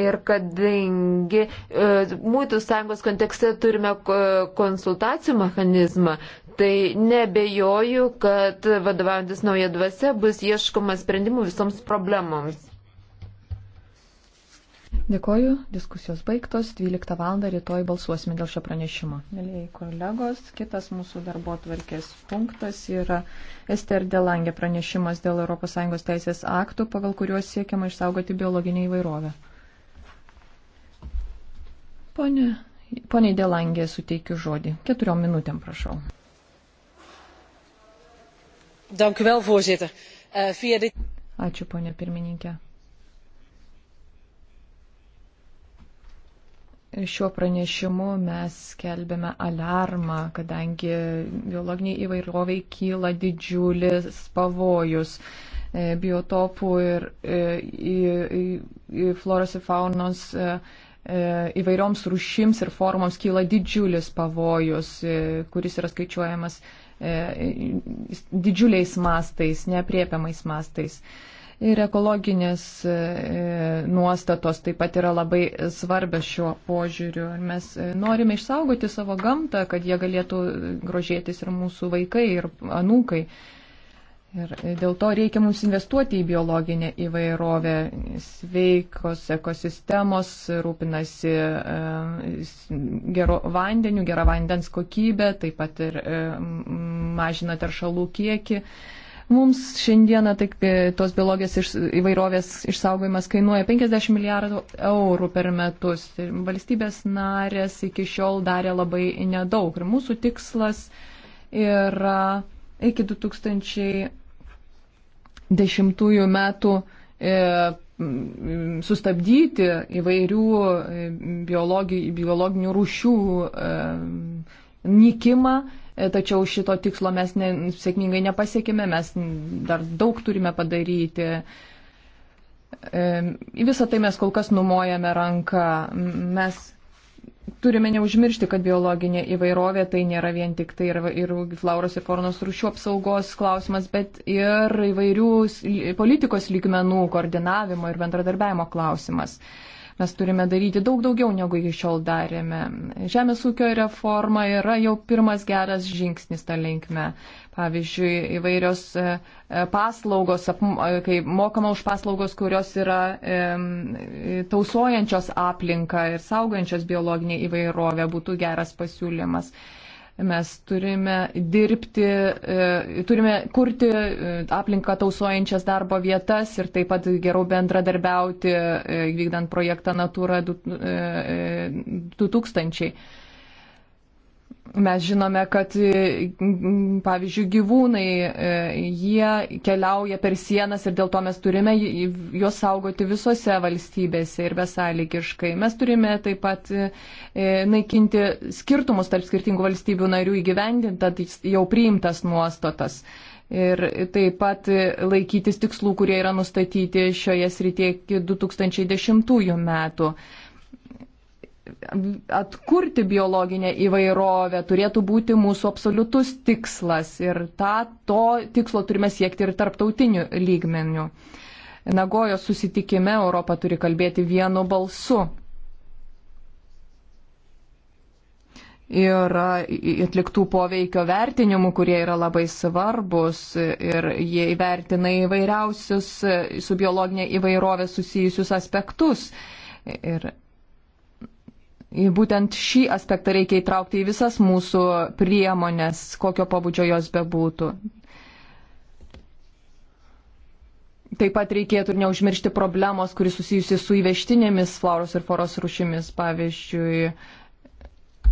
Ir kadangi e, Mūtų sąjungos kontekste turime e, konsultacijų mechanizmą, tai nebejoju, kad vadovaujantis nauja dvasia bus ieškoma sprendimų visoms problemoms. Dėkoju, diskusijos baigtos, 12 val. rytoj balsuosime dėl šio pranešimo. Mėlyjei kolegos, kitas mūsų darbo tvarkės punktas yra Ester Delangė pranešimas dėl ES teisės aktų, pagal kuriuos siekiama išsaugoti biologinį įvairovę. Pone, poniai Delangė suteikiu žodį. Keturiom minutėm prašau. Dank u wel, voorzitter. Uh, via dit... Ačiū, ponė pirmininkė. Šiuo pranešimu mes skelbėme alarmą, kadangi biologiniai įvairoviai kyla didžiulis pavojus e, biotopų ir, ir, ir, ir floros ir faunos e, E, įvairioms rušims ir formoms kyla didžiulis pavojus, e, kuris yra skaičiuojamas e, didžiuliais mastais, nepriepiamais mastais. Ir ekologinės nuostatos taip pat yra labai svarbios šiuo požiūriu. Mes norime išsaugoti savo gamtą, kad jie galėtų grožėtis ir mūsų vaikai, ir anūkai. Ir dėl to reikia mums investuoti į biologinę įvairovę. Sveikos ekosistemos rūpinasi e, gero vandeniu, gera vandens kokybė, taip pat ir e, mažina teršalų kiekį. Mums šiandieną tik e, tos biologijos iš, įvairovės išsaugojimas kainuoja 50 milijardų eurų per metus. Ir valstybės narės iki šiol darė labai nedaug. Ir mūsų tikslas yra iki 2000 dešimtųjų metų e, sustabdyti įvairių e, biologi, biologinių rūšių e, nykimą, e, tačiau šito tikslo mes ne, sėkmingai nepasiekime, mes dar daug turime padaryti. E, į e, visą tai mes kol kas numojame ranką, mes Turime neužmiršti, kad biologinė įvairovė tai nėra vien tik tai ir, ir flauros ir faunos rūšių apsaugos klausimas, bet ir įvairių politikos lygmenų koordinavimo ir bendradarbiavimo klausimas. Mes turime daryti daug daugiau, negu iki šiol darėme. Žemės ūkio reforma yra jau pirmas geras žingsnis tą linkme. Pavyzdžiui, įvairios e, e, paslaugos, e, kai mokama už paslaugos, kurios yra tausojančios aplinką ir saugančios biologinį įvairovę, būtų geras pasiūlymas. Mes turime dirbti, turime kurti aplinką tausojančias darbo vietas ir taip pat geriau bendradarbiauti, vykdant projektą Natura 2000 Mes žinome, kad, e, pavyzdžiui, gyvūnai, e, jie keliauja per sienas ir dėl to mes turime juos saugoti visose valstybėse ir besąlygiškai. Mes turime taip pat e, naikinti skirtumus tarp skirtingų valstybių narių įgyvendintant tai jau priimtas nuostatas. Ir taip pat laikytis tikslų, kurie yra nustatyti šioje srityje iki 2010 metų atkurti biologinę įvairovę turėtų būti mūsų absoliutus tikslas ir tą, to tikslo turime siekti ir tarptautiniu lygmeniu. Nagojo susitikime Europa turi kalbėti vienu balsu. Ir atliktų poveikio vertinimų, kurie yra labai svarbus ir jie įvertina įvairiausius su biologinė įvairovė susijusius aspektus. Ir Būtent šį aspektą reikia įtraukti į visas mūsų priemonės, kokio pabudžio jos bebūtų. Taip pat reikėtų ir neužmiršti problemos, kuris susijusi su įvežtinėmis floros ir foros rušimis, pavyzdžiui,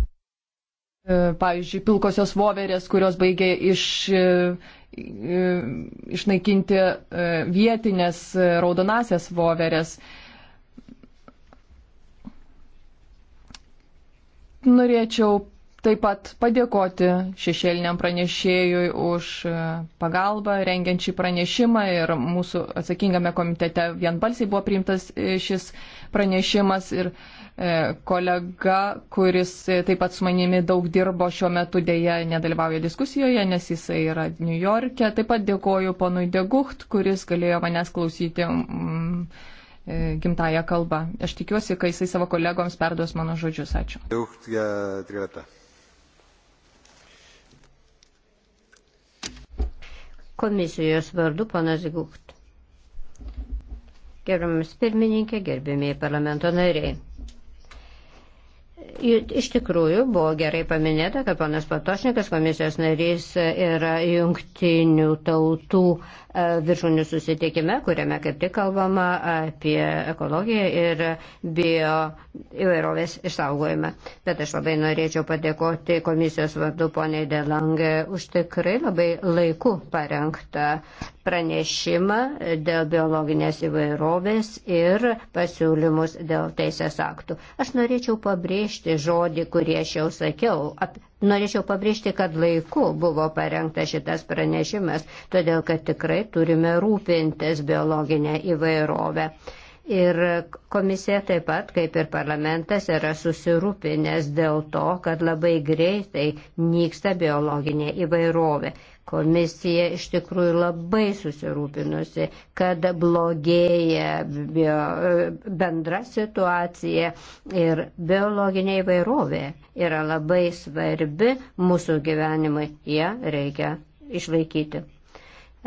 e, pavyzdžiui, pilkosios voverės, kurios baigė iš, e, e, išnaikinti vietinės raudonasias voverės. norėčiau taip pat padėkoti šešėliniam pranešėjui už e, pagalbą rengiant šį pranešimą ir mūsų atsakingame komitete vienbalsiai buvo priimtas e, šis pranešimas ir e, kolega, kuris taip pat su manimi daug dirbo šiuo metu dėja nedalyvauja diskusijoje, nes jisai yra New York'e. Taip pat dėkoju ponui Degucht, kuris galėjo manęs klausyti. Mm, E, gimtają kalbą. Aš tikiuosi, kai jisai savo kolegoms perduos mano žodžius. Ačiū. Komisijos vardu panas Gucht. Gerbiamas pirmininkė, gerbėmiai parlamento nariai. Iš tikrųjų buvo gerai paminėta, kad panas Patošnikas, komisijos narys, yra jungtinių tautų e, viršūnių susitikime, kuriame kaip tik kalbama apie ekologiją ir bio įvairovės išsaugojimą. Bet aš labai norėčiau padėkoti komisijos vardu poniai Delangė už tikrai labai laiku parengtą pranešimą dėl biologinės įvairovės ir pasiūlymus dėl teisės aktų. Aš norėčiau pabrėžti, pakartoti žodį, kurį aš jau sakiau. Ap, norėčiau pabrėžti, kad laiku buvo parengtas šitas pranešimas, todėl kad tikrai turime rūpintis biologinę įvairovę. Ir komisija taip pat, kaip ir parlamentas, yra susirūpinęs dėl to, kad labai greitai nyksta biologinė įvairovė. Komisija iš tikrųjų labai susirūpinusi, kad blogėja bio, bendra situacija ir biologinė įvairovė yra labai svarbi mūsų gyvenimui. Ja reikia išlaikyti.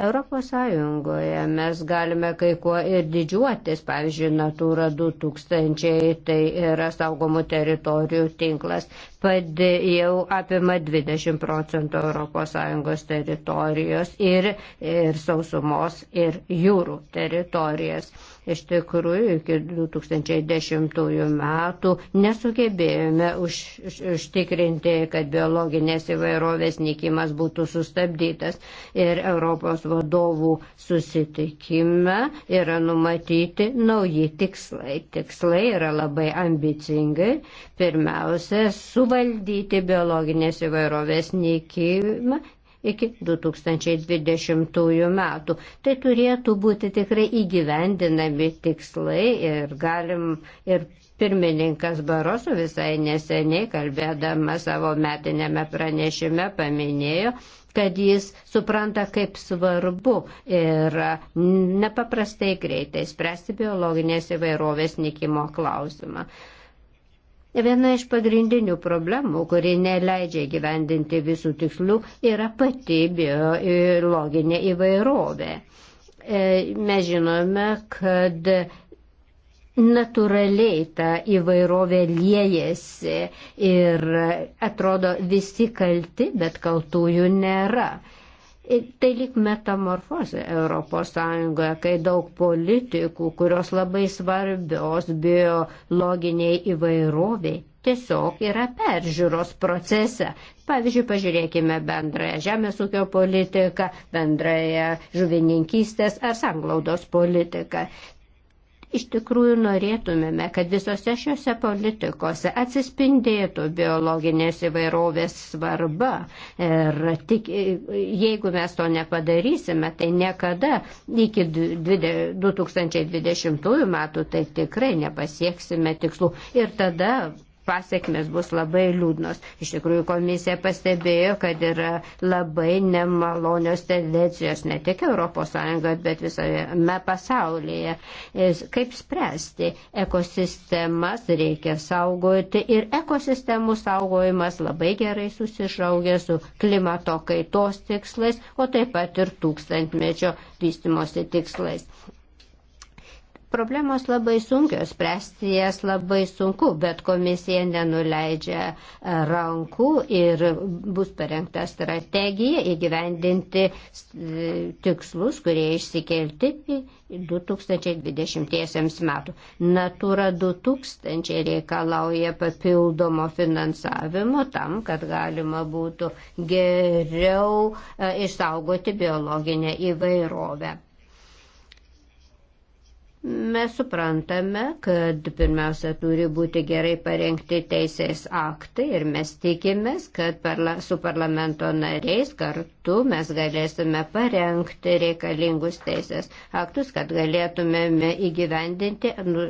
Europos Sąjungoje mes galime kai kuo ir didžiuotis, pavyzdžiui, Natura 2000, tai yra saugomų teritorijų tinklas, jau apima 20 procentų Europos Sąjungos teritorijos ir, ir sausumos ir jūrų teritorijas. Iš tikrųjų, iki 2010 metų nesugebėjome už, už, užtikrinti, kad biologinės įvairovės nikimas būtų sustabdytas. Ir Europos vadovų susitikime yra numatyti nauji tikslai. Tikslai yra labai ambicingai. Pirmiausia, suvaldyti biologinės įvairovės nikimą iki 2020 metų. Tai turėtų būti tikrai įgyvendinami tikslai ir galim ir Pirmininkas Baroso visai neseniai kalbėdama savo metinėme pranešime paminėjo, kad jis supranta, kaip svarbu ir nepaprastai greitai spręsti biologinės įvairovės nikimo klausimą. Viena iš pagrindinių problemų, kuri neleidžia gyvendinti visų tikslų, yra pati biologinė įvairovė. E, mes žinome, kad natūraliai ta įvairovė liejasi ir atrodo visi kalti, bet kaltųjų nėra. Tai lik metamorfozė Europos Sąjungoje, kai daug politikų, kurios labai svarbios biologiniai įvairoviai, tiesiog yra peržiūros procese. Pavyzdžiui, pažiūrėkime bendrąją žemės ūkio politiką, bendrąją žuvininkystės ar sanglaudos politiką iš tikrųjų norėtumėme, kad visose šiuose politikose atsispindėtų biologinės įvairovės svarba. Ir tik, jeigu mes to nepadarysime, tai niekada iki 2020 metų tai tikrai nepasieksime tikslų. Ir tada pasiekmes bus labai liūdnos. Iš tikrųjų, komisija pastebėjo, kad yra labai nemalonios tendencijos ne tik ES, bet visame pasaulyje. Kaip spręsti? Ekosistemas reikia saugoti ir ekosistemų saugojimas labai gerai susižaugia su klimato kaitos tikslais, o taip pat ir tūkstantmečio vystimosi tikslais. Problemos labai sunkios, spręsti jas labai sunku, bet komisija nenuleidžia e, rankų ir bus parengta strategija įgyvendinti e, tikslus, kurie išsikelti 2020 metų. Natura 2000 reikalauja papildomo finansavimo tam, kad galima būtų geriau e, išsaugoti biologinę įvairovę. Mes suprantame, kad pirmiausia turi būti gerai parengti teisės aktai ir mes tikimės, kad parla, su parlamento nariais kartu mes galėsime parengti reikalingus teisės aktus, kad galėtumėme įgyvendinti nu,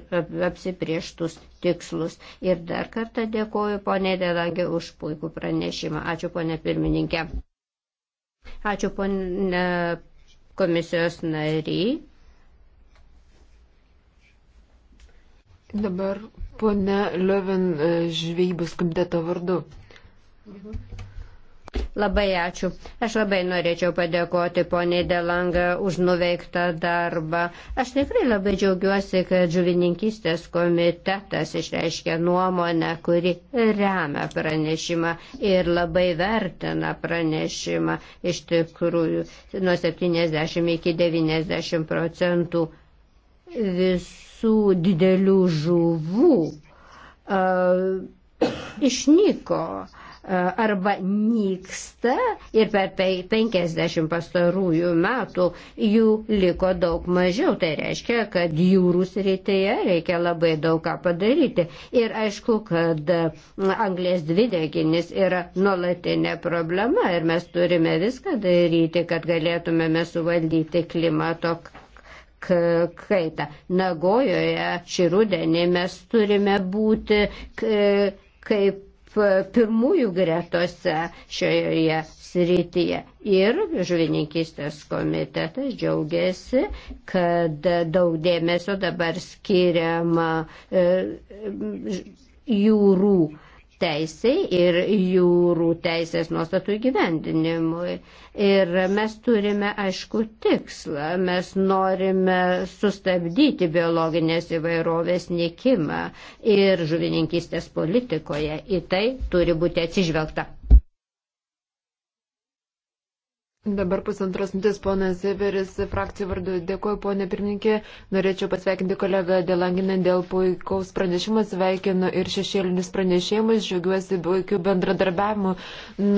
apsiprieštus tikslus. Ir dar kartą dėkoju ponė Delangė už puikų pranešimą. Ačiū ponė pirmininkė. Ačiū ponė komisijos nariai. Dabar ponia Liovin e, žvejybos komiteto vardu. Labai ačiū. Aš labai norėčiau padėkoti poniai Delanga už nuveiktą darbą. Aš tikrai labai džiaugiuosi, kad žuvininkystės komitetas išreiškia nuomonę, kuri remia pranešimą ir labai vertina pranešimą iš tikrųjų nuo 70 iki 90 procentų visų mūsų didelių žuvų uh, išnyko arba nyksta ir per 50 pastarųjų metų jų liko daug mažiau. Tai reiškia, kad jūrų srityje reikia labai daug ką padaryti. Ir aišku, kad anglės dvideginis yra nuolatinė problema ir mes turime viską daryti, kad galėtumėme suvaldyti klimato kaitą. Nagojoje šį rudenį mes turime būti kaip pirmųjų gretose šioje srityje. Ir žuvininkistės komitetas džiaugiasi, kad daug dėmesio dabar skiriama e, jūrų teisiai ir jūrų teisės nuostatų įgyvendinimui. Ir mes turime aišku tikslą, mes norime sustabdyti biologinės įvairovės niekimą ir žuvininkystės politikoje. Į tai turi būti atsižvelgta. Dabar pusantros mintis, ponas Zeveris, frakcijų vardu. Dėkuoju, ponė pirmininkė. Norėčiau pasveikinti kolegą Delanginę dėl puikaus pranešimo. Sveikinu ir šešėlinius pranešimus. Džiaugiuosi puikiu bendradarbiavimu.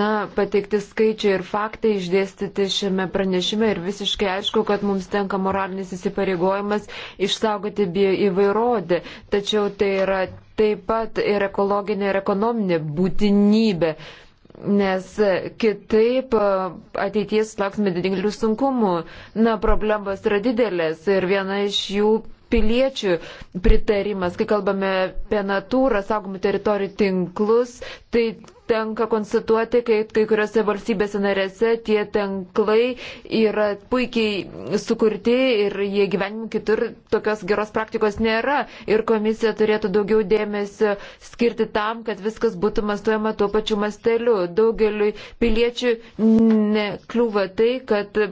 Na, pateikti skaičiai ir faktai išdėstyti šiame pranešime ir visiškai aišku, kad mums tenka moralinis įsipareigojimas išsaugoti įvairovę. Tačiau tai yra taip pat ir ekologinė ir ekonominė būtinybė nes kitaip e, ateities lauksime didelių sunkumų. Na, problemos yra didelės ir viena iš jų piliečių pritarimas, kai kalbame apie natūrą, saugomų teritorijų tinklus, tai tenka konstatuoti, kad kai kuriuose valstybėse narėse tie tinklai yra puikiai sukurti ir jie gyvenimų kitur tokios geros praktikos nėra. Ir komisija turėtų daugiau dėmesio skirti tam, kad viskas būtų mastuojama tuo pačiu masteliu. Daugeliui piliečių nekliūva tai, kad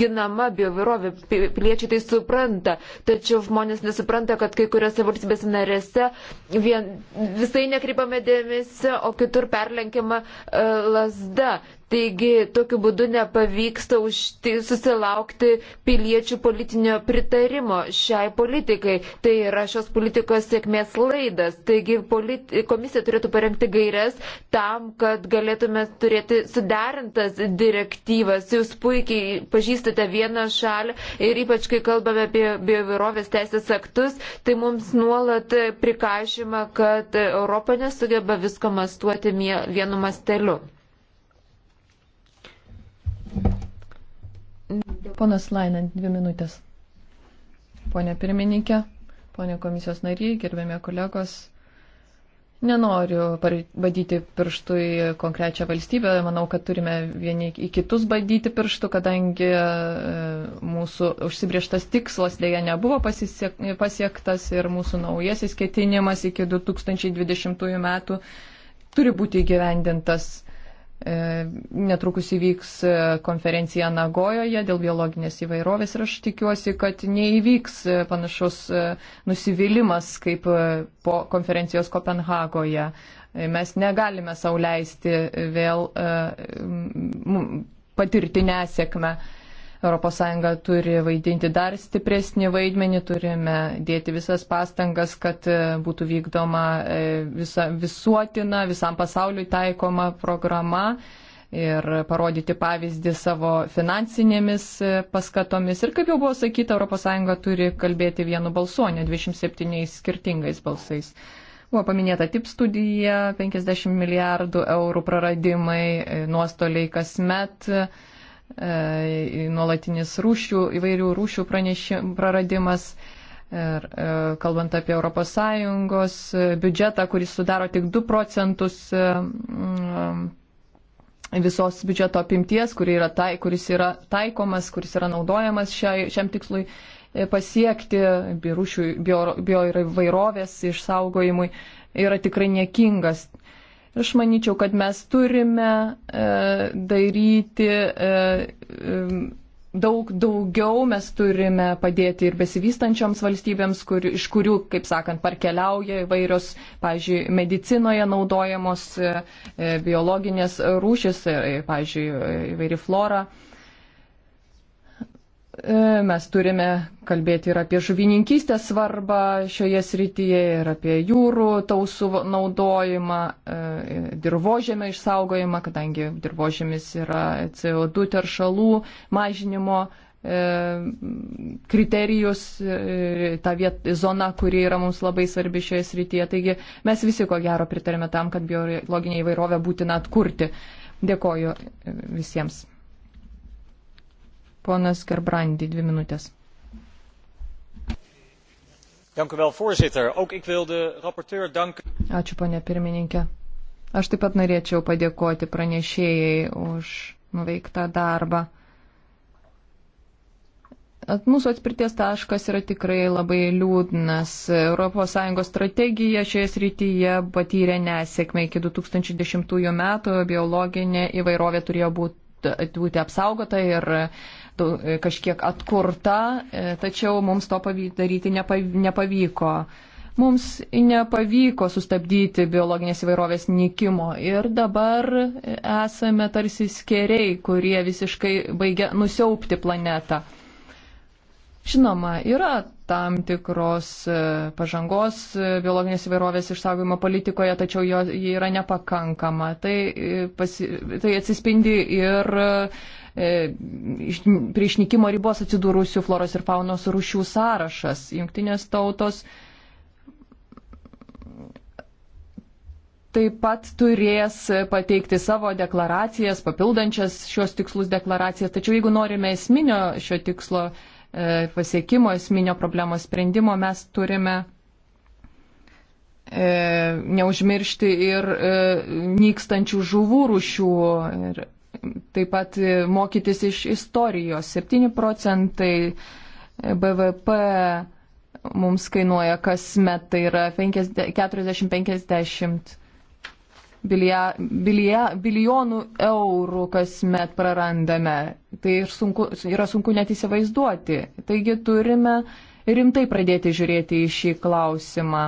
ginama biovirovė, piliečiai tai supranta, tačiau žmonės nesupranta, kad kai kuriuose valstybės narėse vien, visai nekreipame dėmesio, o kitur perlenkiama uh, lasda. Taigi tokiu būdu nepavyksta užti, susilaukti piliečių politinio pritarimo šiai politikai. Tai yra šios politikos sėkmės laidas. Taigi politi, komisija turėtų parengti gairias tam, kad galėtume turėti suderintas direktyvas. Jūs puikiai pažįstate vieną šalį ir ypač kai kalbame apie biovirovės teisės aktus, tai mums nuolat prikaišyma, kad Europa nesugeba visko mastuoti vienu masteliu. Ponas Lainant, dvi minutės. Pone pirmininkė, pone komisijos nariai, gerbėme kolegos. Nenoriu badyti pirštų į konkrečią valstybę, manau, kad turime vieni į kitus badyti pirštų, kadangi e, mūsų užsibrieštas tikslas dėja nebuvo pasiektas ir mūsų naujasis ketinimas iki 2020 metų turi būti įgyvendintas E, netrukus įvyks e, konferencija Nagojoje dėl biologinės įvairovės ir aš tikiuosi, kad neįvyks e, panašus nusivylimas kaip po konferencijos Kopenhagoje. Mes negalime sauliaisti vėl patirti nesėkmę. ES turi vaidinti dar stipresnį vaidmenį, turime dėti visas pastangas, kad e, būtų vykdoma e, visa, visuotina, visam pasauliu taikoma programa ir parodyti pavyzdį savo finansinėmis e, paskatomis. Ir kaip jau buvo sakyta, ES turi kalbėti vienu balsu, ne 27 skirtingais balsais. Buvo paminėta tip studija, 50 milijardų eurų praradimai, nuostoliai kasmet. met E, nuolatinis rūšių, įvairių rūšių pranešim, praradimas. Ir e, kalbant apie ES biudžetą, kuris sudaro tik 2 procentus e, mm, visos biudžeto apimties, kuri yra tai, kuris yra taikomas, kuris yra naudojamas šiai, šiam tikslui pasiekti, biorūšių, bioįvairovės bio išsaugojimui, yra tikrai niekingas. Aš manyčiau, kad mes turime e, daryti e, e, daug daugiau, mes turime padėti ir besivystančioms valstybėms, kur, iš kurių, kaip sakant, parkeliauja įvairios, pavyzdžiui, medicinoje naudojamos e, e biologinės rūšis, e, pavyzdžiui, e, įvairi flora. E, E, mes turime kalbėti ir apie žuvininkystės svarbą šioje srityje, ir apie jūrų tausų naudojimą, e, dirbožėmio išsaugojimą, kadangi dirbožėmis yra CO2 teršalų mažinimo e, kriterijus, ta viet, zona, kuri yra mums labai svarbi šioje srityje. Taigi mes visi ko gero pritarėme tam, kad biologinė įvairovė būtina atkurti. Dėkoju visiems. Ponas Gerbrandi, dvi minutės. Ačiū, ponė pirmininkė. Aš taip pat norėčiau padėkoti pranešėjai už nuveiktą darbą. At mūsų atspirties taškas yra tikrai labai liūdnas. ES strategija šioje srityje patyrė nesėkmę iki 2010 metų, biologinė įvairovė turėjo būti būti apsaugota ir E, kažkiek atkurta, e, tačiau mums to daryti nepavyko. Mums nepavyko sustabdyti biologinės įvairovės nykimo ir dabar esame tarsi skeriai, kurie visiškai baigia nusiaupti planetą. Žinoma, yra tam tikros e, pažangos e, biologinės įvairovės išsaugojimo politikoje, tačiau jo, jie yra nepakankama. Tai, e, pasi, tai atsispindi ir e, prie išnykimo ribos atsidūrusių floros ir faunos rūšių sąrašas. Junktinės tautos taip pat turės pateikti savo deklaracijas, papildančias šios tikslus deklaracijas. Tačiau jeigu norime esminio šio tikslo, E, pasiekimo, esminio problemos sprendimo mes turime e, neužmiršti ir e, nykstančių žuvų rušių. Ir taip pat mokytis iš istorijos. 7 procentai BVP mums kainuoja kasmet, tai yra 40-50 bilija, bilija, bilijonų eurų kasmet prarandame. Tai sunku, yra sunku net įsivaizduoti. Taigi turime rimtai pradėti žiūrėti į šį klausimą.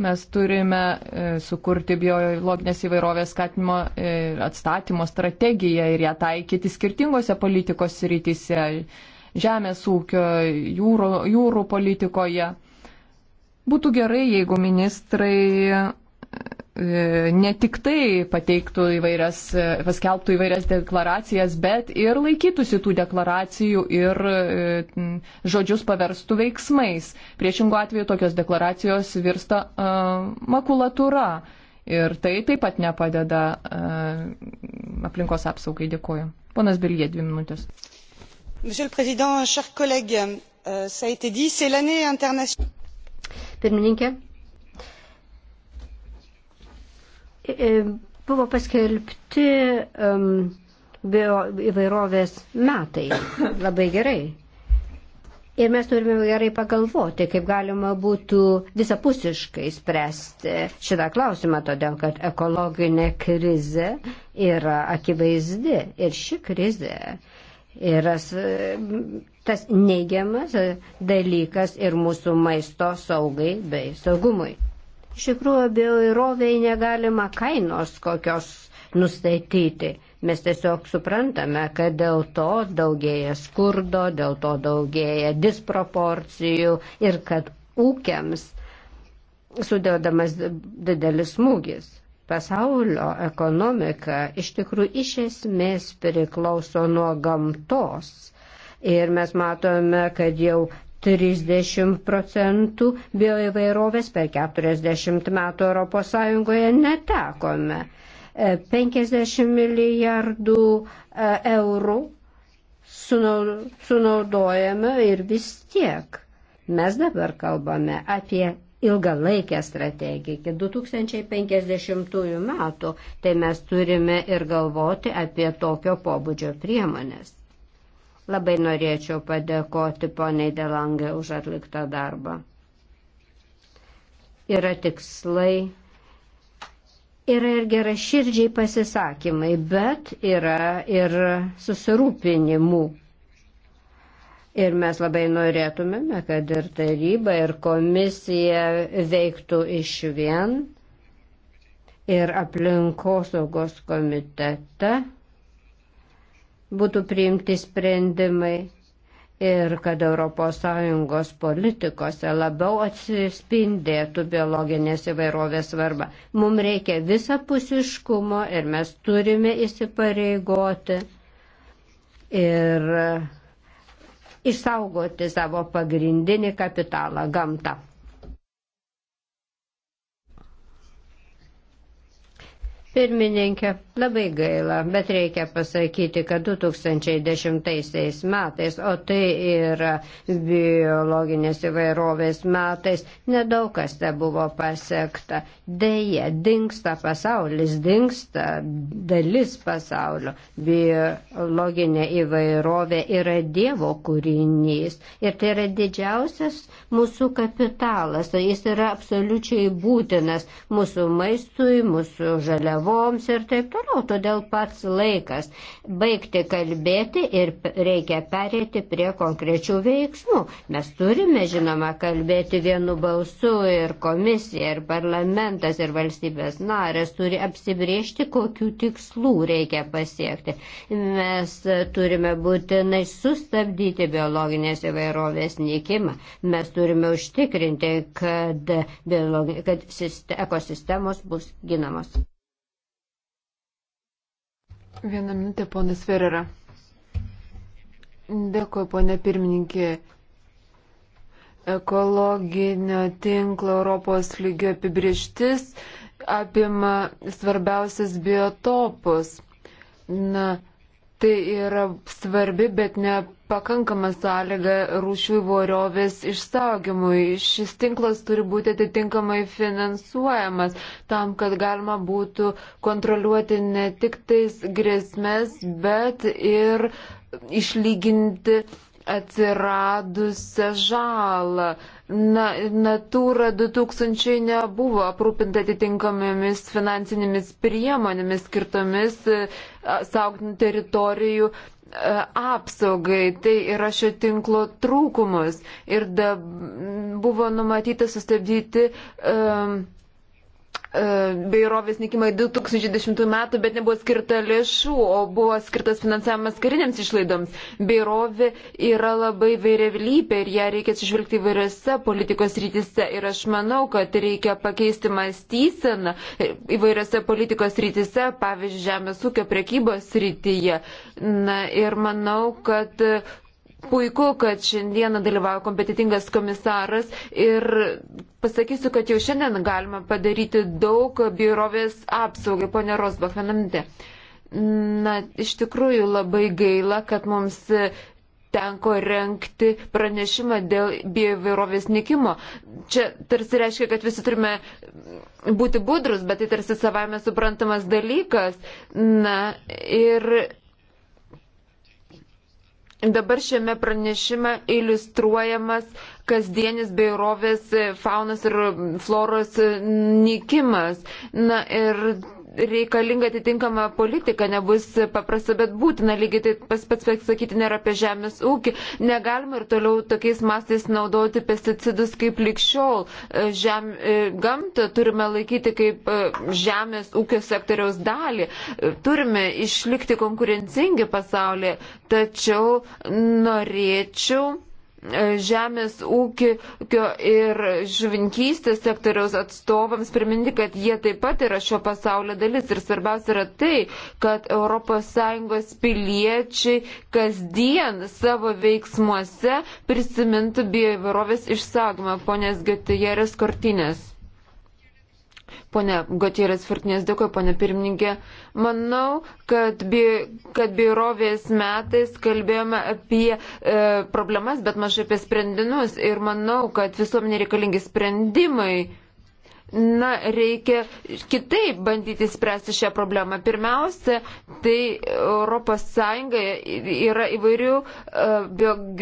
Mes turime e, sukurti biologinės įvairovės skatinimo e, atstatymo strategiją ir ją taikyti skirtingose politikos rytise žemės ūkio, jūrų, jūrų politikoje. Būtų gerai, jeigu ministrai E, ne tik tai pateiktų įvairias, e, paskelbtų įvairias deklaracijas, bet ir laikytųsi tų deklaracijų ir e, žodžius paverstų veiksmais. Priešingų atveju tokios deklaracijos virsta makulatūra. Ir tai taip pat nepadeda aplinkos apsaugai. Dėkuoju. Ponas Bilie, dvi minutės. Monsieur le Président, chers collègues, euh, ça a été dit, c'est l'année internationale. Pirmininkė, E, buvo paskelbti um, bio įvairovės metai. Labai gerai. Ir mes turime gerai pagalvoti, kaip galima būtų visapusiškai spręsti šitą klausimą, todėl kad ekologinė krizė yra akivaizdi ir ši krizė yra tas neigiamas dalykas ir mūsų maisto saugai bei saugumui. Iš tikrųjų, bioįroviai negalima kainos kokios nustatyti. Mes tiesiog suprantame, kad dėl to daugėja skurdo, dėl to daugėja disproporcijų ir kad ūkiams sudėdamas didelis smūgis. Pasaulio ekonomika iš tikrųjų iš esmės priklauso nuo gamtos. Ir mes matome, kad jau 30 procentų bioįvairovės per 40 metų ES netekome. 50 e, milijardų e, eurų sunaudojame ir vis tiek. Mes dabar kalbame apie ilgalaikę strategiją iki 2050 metų, tai mes turime ir galvoti apie tokio pobūdžio priemonės. Labai norėčiau padėkoti poniai Delangė už atliktą darbą. Yra tikslai, yra ir gera širdžiai pasisakymai, bet yra ir susirūpinimų. Ir mes labai norėtumėme, kad ir taryba, ir komisija veiktų iš vien, ir aplinkosaugos komitete būtų priimti sprendimai ir kad ES politikose labiau atsispindėtų biologinės įvairovės svarba. Mums reikia visapusiškumo ir mes turime įsipareigoti ir išsaugoti savo pagrindinį kapitalą - gamtą. Pirmininkė, labai gaila, bet reikia pasakyti, kad 2010 metais, o tai yra biologinės įvairovės metais, nedaug kas te buvo pasiekta. Deja, dinksta pasaulis, dinksta dalis pasaulio. Biologinė įvairovė yra Dievo kūrinys ir tai yra didžiausias mūsų kapitalas, jis yra absoliučiai būtinas mūsų maistui, mūsų žaliavų žaliavoms ir taip toliau. Todėl pats laikas baigti kalbėti ir reikia perėti prie konkrečių veiksmų. Mes turime, žinoma, kalbėti vienu balsu ir komisija, ir parlamentas, ir valstybės narės turi apsibriežti, kokiu tikslų reikia pasiekti. Mes turime būtinai sustabdyti biologinės įvairovės nykimą. Mes turime užtikrinti, kad, biologi, kad ekosistemos bus ginamos. Vieną minutę, ponas Ferrera. Dėkuoju, ponė pirmininkė. Ekologinio tinklo Europos lygio apibrieštis apima svarbiausias biotopus. Na, Tai yra svarbi, bet nepakankama sąlyga rūšių įvorovės išsaugimui. Šis tinklas turi būti atitinkamai finansuojamas tam, kad galima būtų kontroliuoti ne tik tais grėsmės, bet ir išlyginti atsiradusią žalą. Na, Natūra 2000 nebuvo aprūpinta atitinkamomis finansinėmis priemonėmis skirtomis e, saugotinų teritorijų e, apsaugai, tai yra šio tinklo trūkumus ir da, buvo numatyta sustabdyti um, beirovės nikimai 2010 metų, bet nebuvo skirta lėšų, o buvo skirtas finansavimas kariniams išlaidoms. Beirovė yra labai vairiavilypė ir ją reikia atsižvelgti įvairiose politikos rytise. Ir aš manau, kad reikia pakeisti mąstyseną įvairiose politikos rytise, pavyzdžiui, žemės ūkio prekybos rytyje. Na ir manau, kad Puiku, kad šiandieną dalyvauja kompetitingas komisaras ir pasakysiu, kad jau šiandien galima padaryti daug biurovės apsaugai, ponė Rosbach, vieną minutę. Na, iš tikrųjų labai gaila, kad mums tenko renkti pranešimą dėl bioįvairovės nikimo. Čia tarsi reiškia, kad visi turime būti budrus, bet tai tarsi savame suprantamas dalykas. Na ir Dabar šiame pranešime iliustruojamas kasdienis beirovės faunos ir floros nykimas. Na ir reikalinga atitinkama politika, nebus paprasta, bet būtina lygiai tai pas pats pasakyti nėra apie žemės ūkį. Negalima ir toliau tokiais mastais naudoti pesticidus kaip likščiol. E, žem, e, gamtą turime laikyti kaip e, žemės ūkio sektoriaus dalį. Turime išlikti konkurencingi pasaulyje, tačiau norėčiau žemės ūkio ir žuvinkystės sektoriaus atstovams priminti, kad jie taip pat yra šio pasaulio dalis. Ir svarbiausia yra tai, kad ES piliečiai kasdien savo veiksmuose prisimintų bioįvairovės išsaugimą, ponės Getijerės Kortinės. Pone Gotieras Furtinės, dėkoju, pone pirmininkė. Manau, kad, bi, kad biurovės metais kalbėjome apie e, problemas, bet mažai apie sprendimus. Ir manau, kad visuomenė reikalingi sprendimai na, reikia kitaip bandyti spręsti šią problemą. Pirmiausia, tai ES yra įvairių e,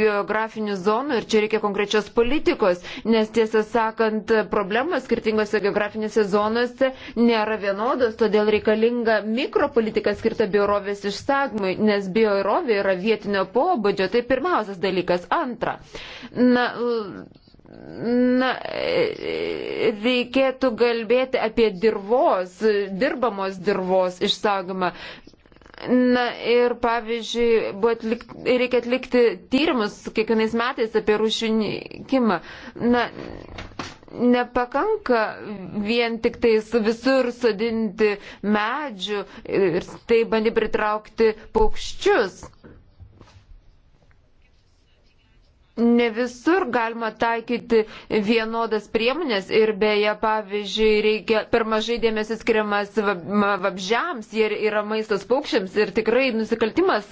geografinių zonų ir čia reikia konkrečios politikos, nes tiesą sakant, problemos skirtingose geografinėse zonose nėra vienodos, todėl reikalinga mikropolitika skirta biorovės išsagmui, nes biorovė yra vietinio pobūdžio, tai pirmiausias dalykas. Antra, na, Na, reikėtų kalbėti apie dirvos, dirbamos dirvos išsaugimą. Na ir pavyzdžiui, atlik, reikia atlikti tyrimus kiekvienais metais apie rūšinykimą. Na, nepakanka vien tik tais visur sodinti medžių ir tai bandyti pritraukti paukščius ne visur galima taikyti vienodas priemonės ir beje, pavyzdžiui, reikia per mažai dėmesio skiriamas vabžiams, jie yra maistas paukščiams ir tikrai nusikaltimas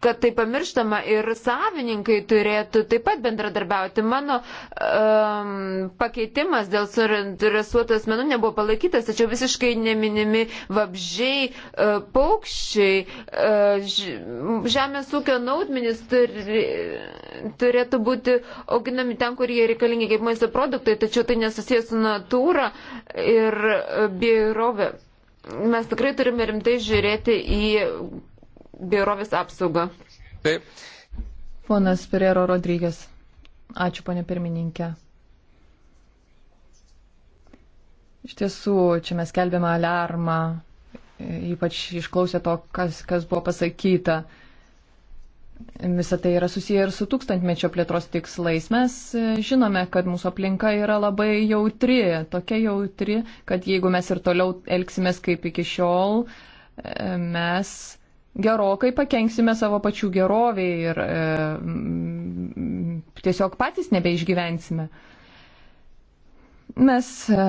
kad tai pamirštama ir savininkai turėtų taip pat bendradarbiauti. Mano um, pakeitimas dėl suinteresuotų asmenų nebuvo palaikytas, tačiau visiškai neminimi vabžiai, uh, e, paukščiai, uh, žemės ūkio naudmenis turi, turėtų būti auginami ten, kur jie reikalingi kaip maisto produktai, tačiau tai nesusijęs su natūra ir biorovė. Mes tikrai turime rimtai žiūrėti į biurovės apsaugą. Taip. Ponas Perero Rodrygės. Ačiū, ponė pirmininkė. Iš tiesų, čia mes kelbėme alarmą, ypač išklausę to, kas, kas buvo pasakyta. Visą tai yra susiję ir su tūkstantmečio plėtros tikslais. Mes e, žinome, kad mūsų aplinka yra labai jautri, tokia jautri, kad jeigu mes ir toliau elgsimės kaip iki šiol, e, mes gerokai pakenksime savo pačių geroviai ir e, tiesiog patys nebeišgyvensime. Mes e,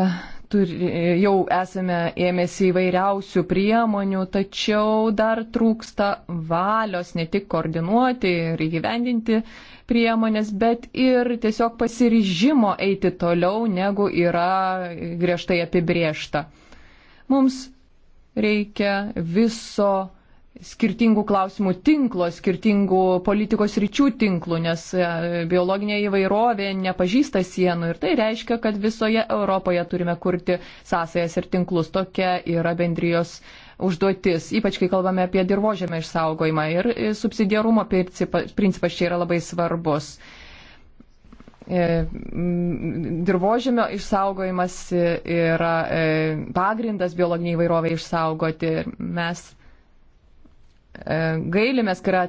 turi, jau esame ėmėsi įvairiausių priemonių, tačiau dar trūksta valios ne tik koordinuoti ir įgyvendinti priemonės, bet ir tiesiog pasiryžimo eiti toliau, negu yra griežtai apibriešta. Mums reikia viso skirtingų klausimų tinklo, skirtingų politikos ryčių tinklų, nes e, biologinė įvairovė nepažįsta sienų ir tai reiškia, kad visoje Europoje turime kurti sąsajas ir tinklus. Tokia yra bendrijos užduotis, ypač kai kalbame apie dirbožėmę išsaugojimą ir e, subsidiarumo principas čia yra labai svarbus. E, dirbožėmio išsaugojimas yra pagrindas biologiniai įvairoviai išsaugoti ir mes E, gailimės, kai yra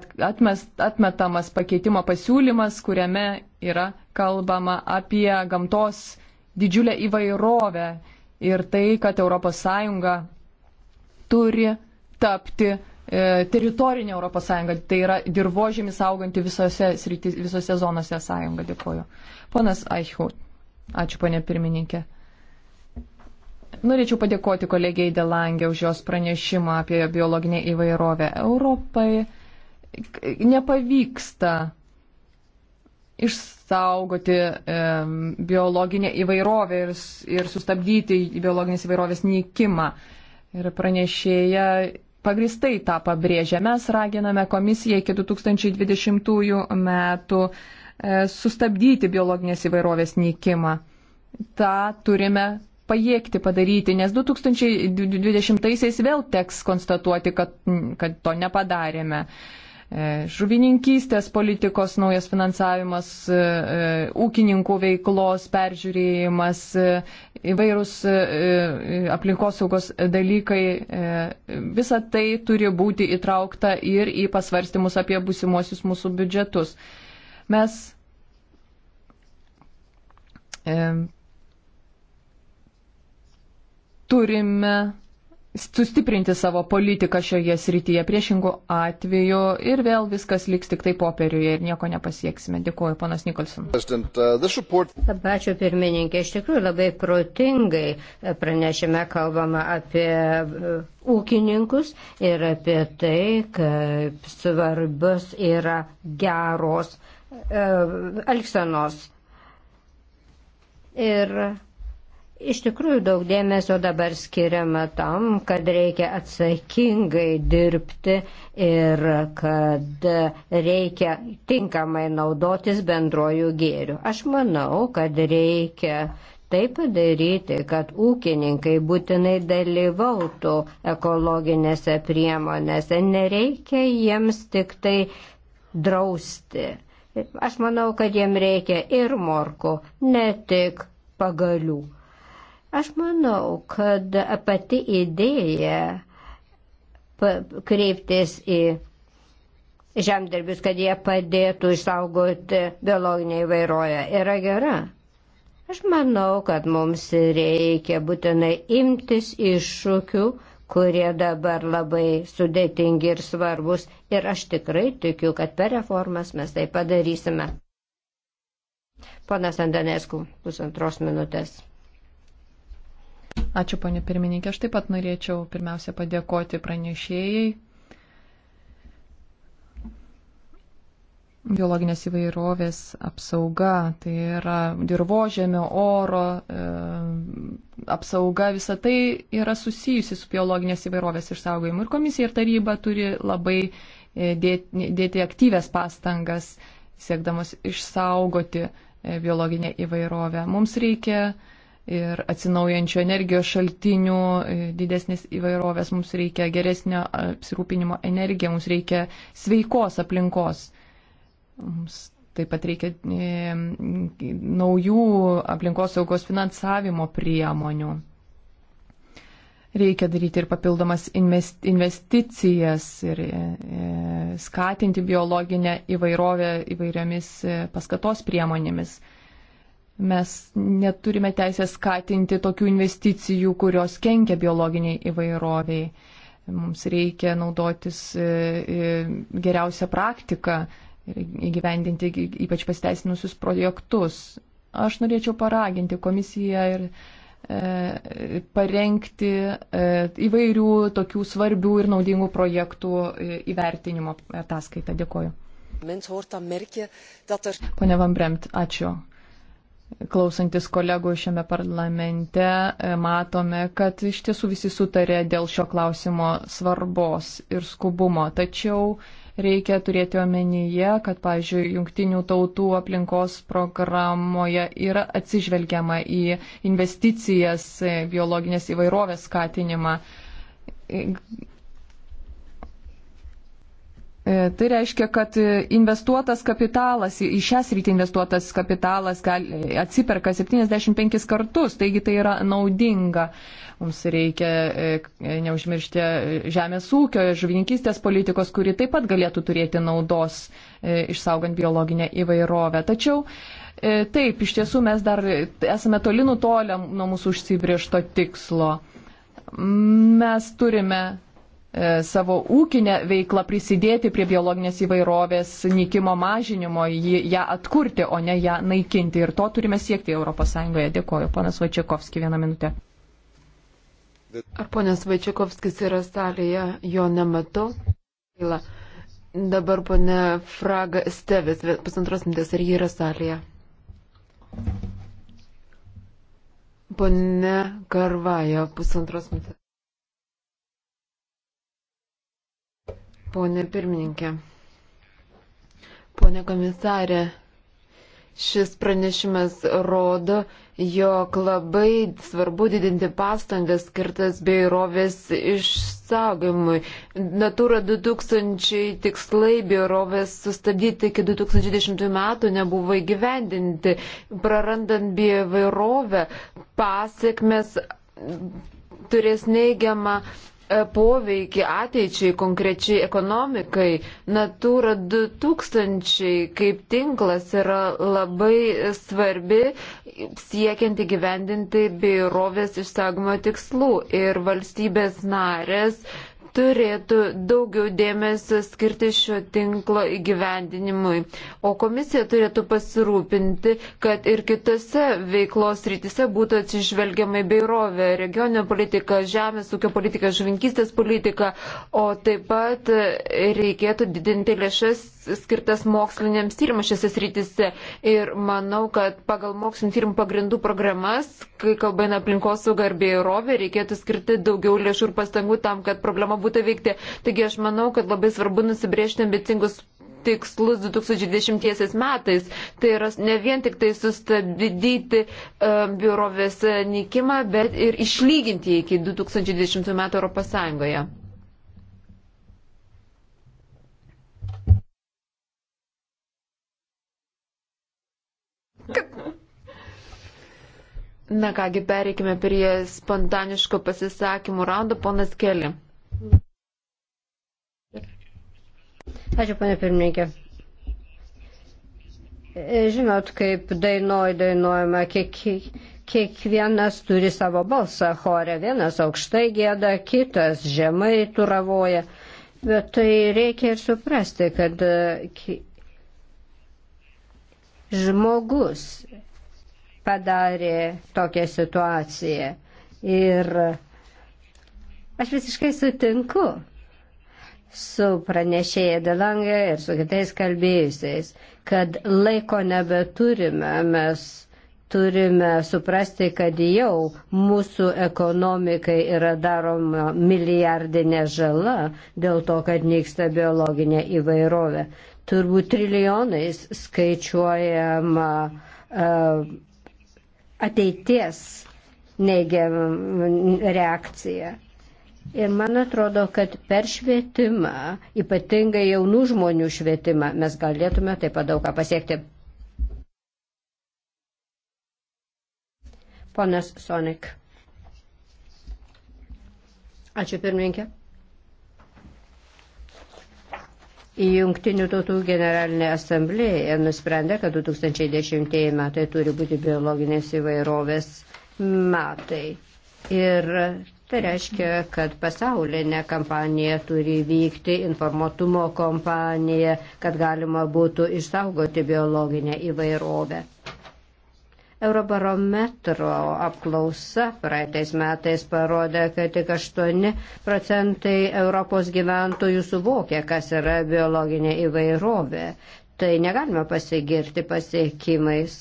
atmetamas pakeitimo pasiūlymas, kuriame yra kalbama apie gamtos didžiulę įvairovę ir tai, kad ES turi tapti e, teritorinė ES, tai yra dirbožėmi sauganti visose, sriti, visose zonose sąjunga. Dėkuoju. Ponas Aichhut. Ačiū, ponė pirmininkė. Norėčiau padėkoti kolegijai Delangė už jos pranešimą apie biologinę įvairovę Europai. Nepavyksta išsaugoti e, biologinę įvairovę ir, ir sustabdyti biologinės įvairovės nykimą. Ir pranešėja pagristai tą pabrėžia. Mes raginame komisiją iki 2020 metų e, sustabdyti biologinės įvairovės nykimą. Ta turime pajėgti padaryti, nes 2020-aisiais vėl teks konstatuoti, kad, kad to nepadarėme. E, žuvininkystės politikos naujas finansavimas, e, e, ūkininkų veiklos peržiūrėjimas, įvairūs aplinkosaugos dalykai, visa tai turi būti įtraukta ir į pasvarstymus apie busimuosius mūsų biudžetus. Mes turime sustiprinti savo politiką šioje srityje. Priešingų atveju ir vėl viskas liks tik tai popieriuje ir nieko nepasieksime. Dėkuoju, ponas Nikolson. Uh, labai ačiū pirmininkė. Iš tikrųjų labai protingai uh, pranešime kalbama apie uh, ūkininkus ir apie tai, kaip svarbus yra geros elgsenos. Ir Iš tikrųjų daug dėmesio dabar skiriama tam, kad reikia atsakingai dirbti ir kad reikia tinkamai naudotis bendrojų gėrių. Aš manau, kad reikia tai padaryti, kad ūkininkai būtinai dalyvautų ekologinėse priemonėse. Nereikia jiems tik tai drausti. Aš manau, kad jiem reikia ir morko, ne tik pagalių. Aš manau, kad pati idėja kreiptis į žemdirbius, kad jie padėtų išsaugoti biologinę įvairovę, yra gera. Aš manau, kad mums reikia būtinai imtis iššūkių, kurie dabar labai sudėtingi ir svarbus. Ir aš tikrai tikiu, kad per reformas mes tai padarysime. Ponas Andanesku, pusantros minutės. Ačiū, ponė pirmininkė. Aš taip pat norėčiau pirmiausia padėkoti pranešėjai. Biologinės įvairovės apsauga, tai yra dirbožėmio, oro e, apsauga, visa tai yra susijusi su biologinės įvairovės išsaugojimu. Ir komisija ir taryba turi labai e, dėti, dėti aktyves pastangas, siekdamos išsaugoti e, biologinę įvairovę. Mums reikia e, ir atsinaujančių energijos šaltinių, e, didesnės įvairovės, mums reikia geresnio apsirūpinimo energiją, mums reikia sveikos aplinkos. Mums taip pat reikia e, naujų aplinkosaugos finansavimo priemonių. Reikia daryti ir papildomas investicijas ir e, skatinti biologinę įvairovę įvairiomis e, paskatos priemonėmis. E, Mes neturime teisės skatinti tokių investicijų, kurios kenkia biologiniai įvairoviai. Mums reikia naudotis e, e, geriausią praktiką, įgyvendinti ypač pasiteisinusius projektus. Aš norėčiau paraginti komisiją ir e, parengti įvairių tokių svarbių ir naudingų projektų įvertinimo ataskaitą. Dėkoju. Er- Pone Vambremt, ačiū. Klausantis kolegų šiame parlamente, e, matome, kad iš tiesų visi sutarė dėl šio klausimo svarbos ir skubumo. Tačiau reikia turėti omenyje, kad, pavyzdžiui, jungtinių tautų aplinkos programoje yra atsižvelgiama į investicijas e, biologinės įvairovės skatinimą. E, E, tai reiškia, kad investuotas kapitalas, į šią sritį investuotas kapitalas gali, atsiperka 75 kartus, taigi tai yra naudinga. Mums reikia e, neužmiršti žemės ūkio, žuvininkystės politikos, kuri taip pat galėtų turėti naudos e, išsaugant biologinę įvairovę. Tačiau taip, iš tiesų mes dar esame toli nutolę nuo mūsų užsibriešto tikslo. Mes turime E, savo ūkinę veiklą prisidėti prie biologinės įvairovės nykimo mažinimo, jį, ją atkurti, o ne ją naikinti. Ir to turime siekti ES. Dėkoju, panas Vačiakovski, vieną minutę. Ar ponas Vačiakovskis yra salėje, jo nematau. Dabar ponė Fraga Stevis, pusantros minutės, ar ji yra salėje? Pone Karvajo, pusantros minutės. ponė pirmininkė. Pone komisarė, šis pranešimas rodo, jog labai svarbu didinti pastangas skirtas beirovės išsaugimui. Natūra 2000 tikslai beirovės sustabdyti iki 2010 metų nebuvo įgyvendinti. Prarandant beirovę, pasiekmes turės neigiamą E, poveikį ateičiai, konkrečiai ekonomikai. Natūra 2000 kaip tinklas yra labai svarbi siekiant įgyvendinti beirovės išsaugumo tikslų ir valstybės narės turėtų daugiau dėmesio skirti šio tinklo įgyvendinimui, o komisija turėtų pasirūpinti, kad ir kitose veiklos rytise būtų atsižvelgiamai beirovė, regioninė politika, žemės ūkio politika, žuvinkystės politika, o taip pat reikėtų didinti lėšas skirtas moksliniams tyrimams šiose srityse. Ir manau, kad pagal mokslinio tyrimų pagrindų programas, kai kalba eina aplinkosaugą ir beirovę, reikėtų skirti daugiau lėšų ir pastangų tam, kad problema būtų būtų veikti. Taigi aš manau, kad labai svarbu nusibriežti ambicingus tikslus 2020 metais. Tai yra ne vien tik tai sustabdyti uh, e, biurovės nikimą, bet ir išlyginti iki 2020 metų Europos Sąjungoje. Na kągi, pereikime prie spontaniško pasisakymų raundo, ponas Keli. Ačiū, ponė pirmininkė. E, žinot, kaip dainoj dainuojama, kiek, kiekvienas turi savo balsą chore, vienas aukštai gėda, kitas žemai turavoja, bet tai reikia ir suprasti, kad e, žmogus padarė tokią situaciją ir aš visiškai sutinku, su pranešėja Delangė ir su kitais kalbėjusiais, kad laiko nebeturime, mes turime suprasti, kad jau mūsų ekonomikai yra daroma milijardinė žala dėl to, kad nyksta biologinė įvairovė. Turbūt trilijonais skaičiuojama uh, ateities neigiam reakcija. Ir man atrodo, kad per švietimą, ypatingai jaunų žmonių švietimą, mes galėtume taip pat daug ką pasiekti. Ponas Sonik. Ačiū pirmininkė. Į Junktinių tautų generalinę asamblėją nusprendė, kad 2010 metai turi būti biologinės įvairovės metai. Ir Tai reiškia, kad pasaulinė kampanija turi vykti, informatumo kampanija, kad galima būtų išsaugoti biologinę įvairovę. Eurobarometro apklausa praeitais metais parodė, kad tik 8 procentai Europos gyventojų suvokė, kas yra biologinė įvairovė. Tai negalime pasigirti pasiekimais.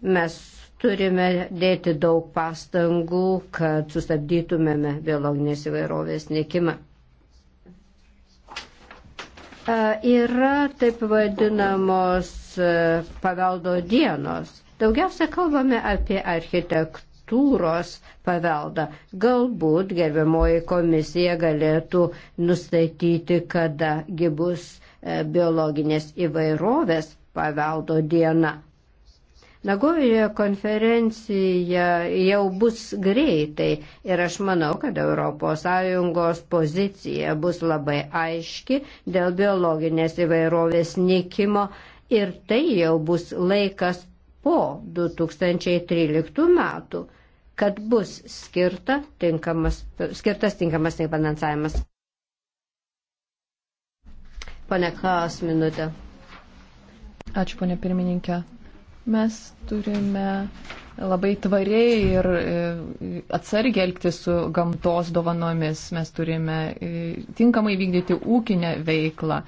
Mes Turime dėti daug pastangų, kad sustabdytumėme biologinės įvairovės nekimą. E, yra taip vadinamos e, paveldo dienos. Daugiausia kalbame apie architektūros paveldą. Galbūt gerbiamoji komisija galėtų nustatyti, kada gibus e, biologinės įvairovės paveldo diena. Nagojoje konferencija jau bus greitai ir aš manau, kad ES pozicija bus labai aiški dėl biologinės įvairovės nikimo ir tai jau bus laikas po 2013 metų kad bus skirta tinkamas, skirtas tinkamas finansavimas. Pane Klaus, minutė. Ačiū, ponė pirmininkė. Mes turime labai tvariai ir e, atsargiai elgtis su gamtos dovanomis. Mes turime e, tinkamai vykdyti ūkinę veiklą.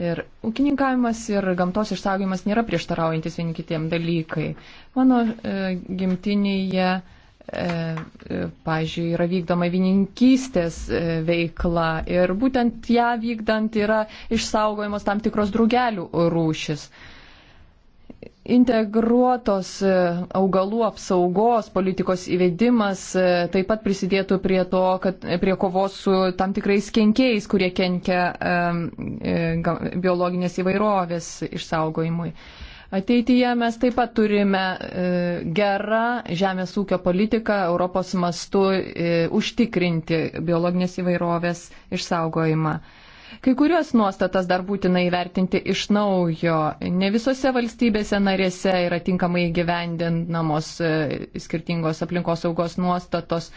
Ir ūkininkavimas ir gamtos išsaugimas nėra prieštaraujantis vieni kitiem dalykai. Mano e, gimtinėje, e, e pažiūrėjau, yra vykdoma vininkystės e, veikla ir būtent ją vykdant yra išsaugojamos tam tikros draugelių rūšis. E, Integruotos e, augalų apsaugos politikos įvedimas e, taip pat prisidėtų prie to, kad prie kovos su tam tikrais kenkėjais, kurie kenkia e, biologinės įvairovės išsaugojimui. Ateityje mes taip pat turime gerą žemės ūkio politiką Europos mastu užtikrinti biologinės įvairovės išsaugojimą. Kai kuriuos nuostatas dar būtina įvertinti iš naujo. Ne visose valstybėse narėse yra tinkamai gyvendinamos e, skirtingos aplinkos saugos nuostatos.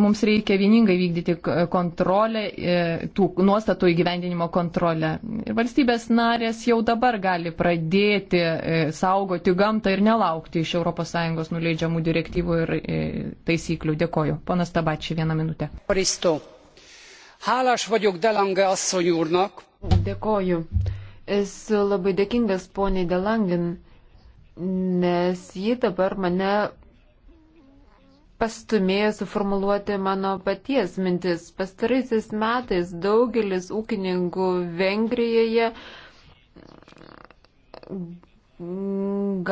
Mums reikia vieningai vykdyti kontrolę, e, tų nuostatų įgyvendinimo kontrolę. Valstybės narės jau dabar gali pradėti e, saugoti gamtą ir nelaukti iš ES nuleidžiamų direktyvų ir taisyklių. Dėkoju. Ponas Tabačiai, vieną minutę. Paristu. Hálás vagyok Delange asszony úrnak. Dėkoju. Esu labai dėkingas poniai Delangin, nes ji dabar mane pastumėjo suformuluoti mano paties mintis. Pastaraisiais metais daugelis ūkininkų Vengrijoje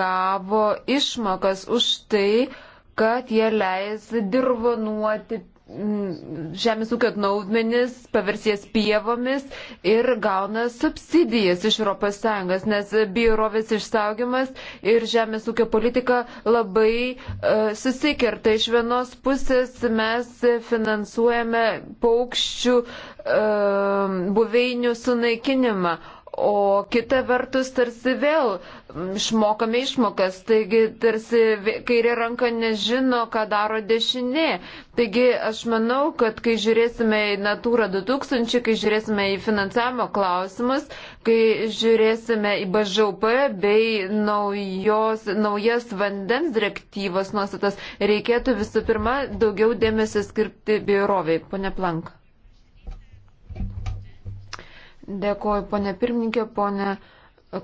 gavo išmokas už tai, kad jie leis dirvonuoti Mm, žemės ūkio naudmenis, paversies pievomis ir gauna subsidijas iš ES, nes biorovės išsaugimas ir žemės ūkio politika labai uh, susikerta. Iš vienos pusės mes finansuojame paukščių uh, buveinių sunaikinimą, O kita vertus tarsi vėl išmokame išmokas, taigi tarsi kairė ranka nežino, ką daro dešinė. Taigi aš manau, kad kai žiūrėsime į Natūrą 2000, kai žiūrėsime į finansavimo klausimus, kai žiūrėsime į BŽP bei naujos, naujas vandens direktyvos nuostatas, reikėtų visų pirma daugiau dėmesio skirti biuroviai. Pone Plank. Dėkoju, ponė pirmininkė, ponė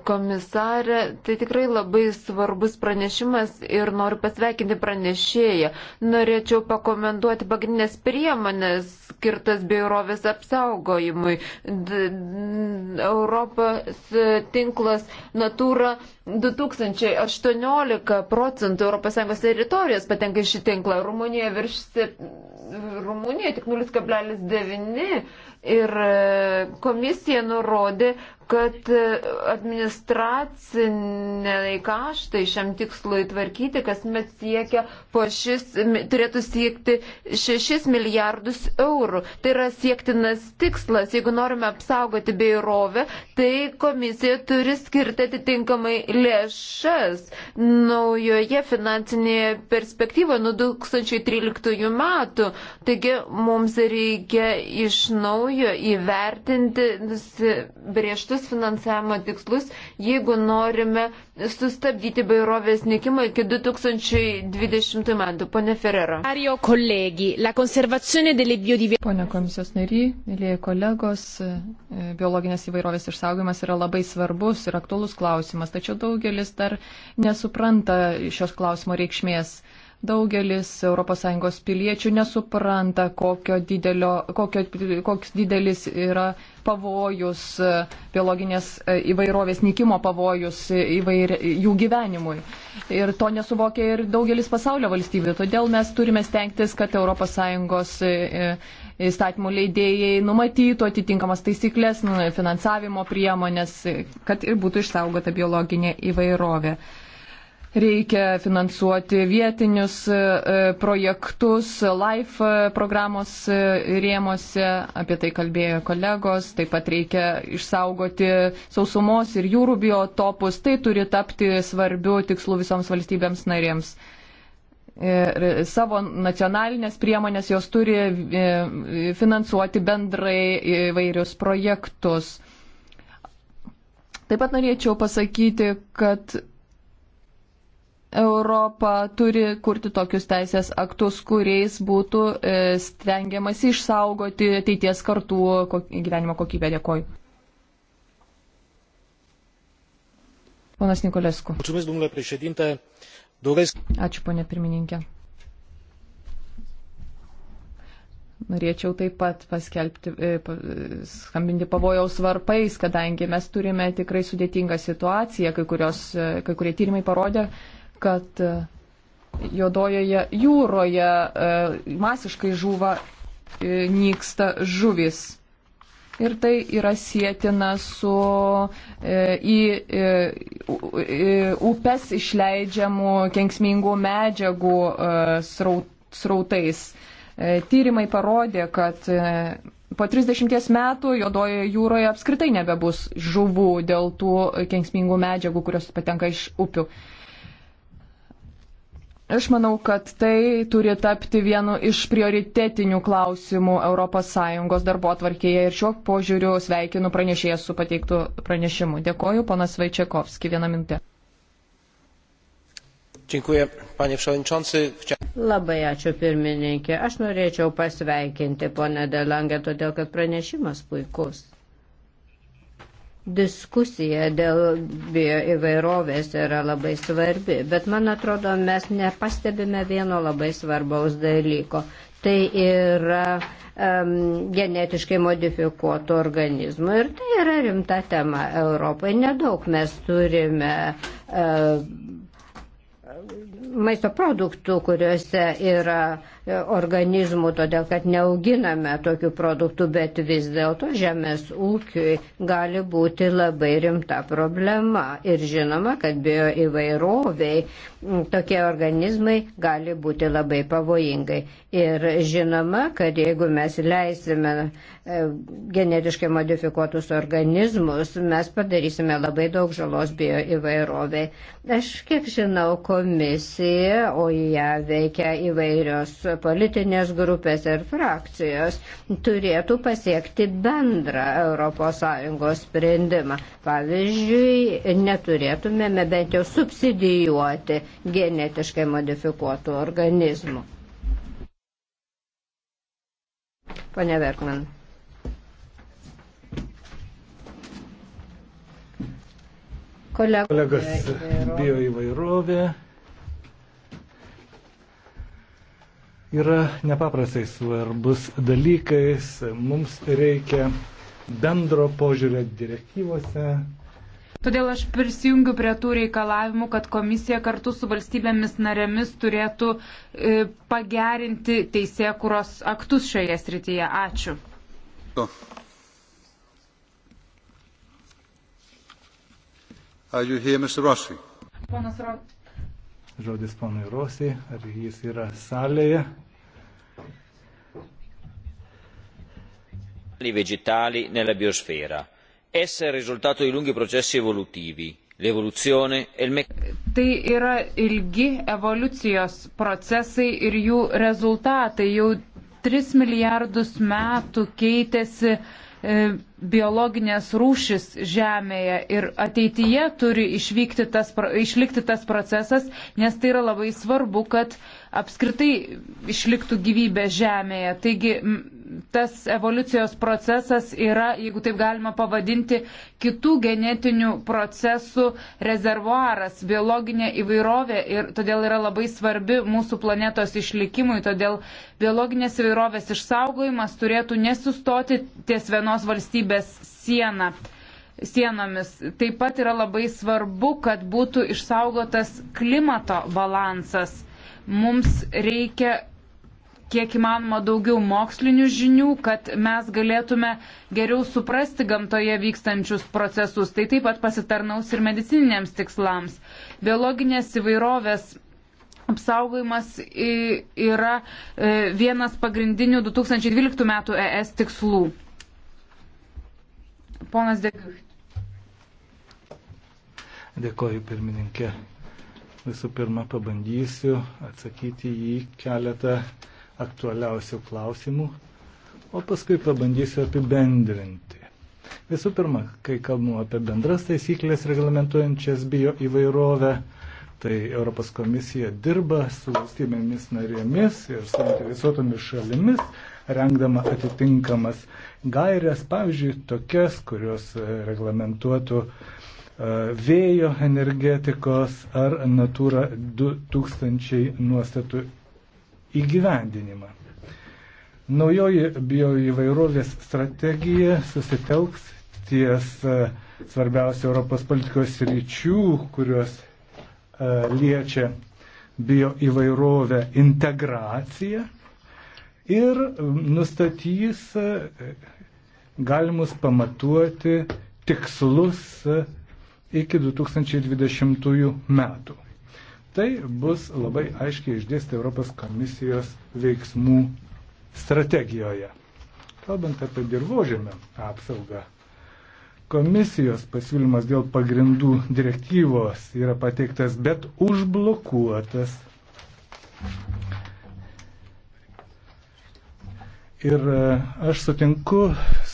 komisarė. Tai tikrai labai svarbus pranešimas ir noriu pasveikinti pranešėją. Norėčiau pakomentuoti pagrindinės priemonės skirtas biurovės apsaugojimui. D Europos tinklas Natūra 2018 procentų ES teritorijos patenka į šį tinklą. Rumunija virš 7. Rumunija tik 0,9 Ir e, komisija nurodė, kad e, administraciniai kaštai šiam tikslui tvarkyti kasmet siekia po šis, turėtų siekti 6 milijardus eurų. Tai yra siektinas tikslas. Jeigu norime apsaugoti beirovę, tai komisija turi skirti atitinkamai lėšas naujoje finansinėje perspektyvoje nuo 2013 metų. Taigi mums reikia iš naujo naujo įvertinti briežtus finansavimo tikslus, jeigu norime sustabdyti bairovės nikimą iki 2020 metų. Pone Ferrero. Ario kolegi, la konservacione delle biodiversità. Pone komisijos nary, mėlyje kolegos, e, biologinės įvairovės išsaugimas yra labai svarbus ir aktuolus klausimas, tačiau daugelis dar nesupranta šios klausimo reikšmės. Daugelis ES piliečių nesupranta, kokio didelio, kokio, koks didelis yra pavojus, e, biologinės e, įvairovės nikimo pavojus e, įvair, jų gyvenimui. Ir to nesuvokia ir daugelis pasaulio valstybių. Todėl mes turime stengtis, kad ES įstatymų leidėjai numatytų atitinkamas taisyklės, finansavimo priemonės, kad ir būtų išsaugota biologinė įvairovė. Reikia finansuoti vietinius e, e, projektus LIFE e, programos rėmose, apie tai kalbėjo kolegos, taip pat reikia išsaugoti sausumos ir jūrų biotopus, tai turi tapti svarbiu tikslu visoms valstybėms narėms ir savo nacionalinės priemonės jos turi finansuoti bendrai įvairius projektus. Taip pat norėčiau pasakyti, kad Europa turi kurti tokius teisės aktus, kuriais būtų e, stengiamas išsaugoti ateities kartų gyvenimo kokybę. Dėkoju. Ponas Nikolesku. Ačiū, ponė pirmininkė. Norėčiau taip pat paskelbti, e, skambinti pavojaus varpais, kadangi mes turime tikrai sudėtingą situaciją, kai, kurios, e, kai kurie tyrimai parodė, kad e, juodojoje jūroje e, masiškai žūva e, nyksta žuvis. Ir tai yra sėtina su į upes išleidžiamų kenksmingų medžiagų srautais. Tyrimai parodė, kad po 30 metų juodojoje jūroje apskritai nebebus žuvų dėl tų kenksmingų medžiagų, kurios patenka iš upių. Aš manau, kad tai turi tapti vienu iš prioritetinių klausimų ES darbo atvarkėje ir šiuo požiūriu sveikinu pranešėją su pateiktų pranešimu. Dėkoju, ponas Vaičiakovski, vieną minutę. Dziękuję, panie przewodniczący. Chcia... Labai ačiū pirmininkė. Aš norėčiau pasveikinti ponę Delangę, todėl kad pranešimas puikus diskusija dėl įvairovės yra labai svarbi, bet man atrodo, mes nepastebime vieno labai svarbaus dalyko. Tai yra um, genetiškai modifikuotų organizmų ir tai yra rimta tema Europai. Nedaug mes turime. Uh, maisto produktų, kuriuose yra uh, organizmų, todėl kad neauginame tokių produktų, bet vis dėlto žemės ūkiui gali būti labai rimta problema. Ir žinoma, kad bio įvairoviai tokie organizmai gali būti labai pavojingai. Ir žinoma, kad jeigu mes leisime e, genetiškai modifikuotus organizmus, mes padarysime labai daug žalos bio įvairoviai. Aš kiek žinau, komisija, o ją veikia įvairios politinės grupės ir frakcijos turėtų pasiekti bendrą ES sprendimą. Pavyzdžiui, neturėtumėme bent jau subsidijuoti genetiškai modifikuotų organizmų. Pane Verkman. Kolegos, Kolegos bio įvairovė. yra nepaprastai svarbus dalykais. Mums reikia bendro požiūrio direktyvose. Todėl aš prisijungiu prie tų reikalavimų, kad komisija kartu su valstybėmis narėmis turėtų e, pagerinti teisėkuros aktus šioje srityje. Ačiū. Ačiū, Ponas Rošai. Žodis ponui Rosiai, ar jis yra salėje? vegetali nella biosfera. Essa è il risultato di lunghi processi evolutivi. L'evoluzione e il meccanismo. Tai yra ilgi evoliucijos procesai ir jų rezultatai. Jau 3 milijardus metų keitėsi uh, E, biologinės rūšis žemėje ir ateityje turi tas, išlikti tas procesas, nes tai yra labai svarbu, kad apskritai išliktų gyvybė žemėje. Taigi tas evoliucijos procesas yra, jeigu taip galima pavadinti, kitų genetinių procesų rezervuaras, biologinė įvairovė ir todėl yra labai svarbi mūsų planetos išlikimui, todėl biologinės įvairovės išsaugojimas turėtų nesustoti ties vienos valstybės sieną sienomis. Taip pat yra labai svarbu, kad būtų išsaugotas klimato balansas. Mums reikia kiek įmanoma daugiau mokslinių žinių, kad mes galėtume geriau suprasti gamtoje vykstančius procesus. Tai taip pat pasitarnaus ir medicininiams tikslams. Biologinės įvairovės apsaugojimas yra e, vienas pagrindinių 2012 metų ES tikslų. Ponas Degiucht. Dėkoju, pirmininkė. Visų pirma, pabandysiu atsakyti į keletą aktualiausių klausimų, o paskui pabandysiu apibendrinti. Visų pirma, kai kalbam apie bendras taisyklės reglamentuojančias bio įvairovę, tai Europos komisija dirba su valstybėmis narėmis ir suinteresuotomis šalimis, rengdama atitinkamas gairias, pavyzdžiui, tokias, kurios e, reglamentuotų e, vėjo energetikos ar Natūra 2000 nuostatų įgyvendinimą. Naujoji bioįvairovės strategija susitelks ties e, svarbiausia Europos politikos ryčių, kurios e, liečia bioįvairovę integraciją ir nustatys e, galimus pamatuoti tikslus iki 2020 metų. Tai bus labai aiškiai išdėstę Europos komisijos veiksmų strategijoje. Kalbant apie dirbožėmio apsaugą, komisijos pasiūlymas dėl pagrindų direktyvos yra pateiktas, bet užblokuotas. Ir e, aš sutinku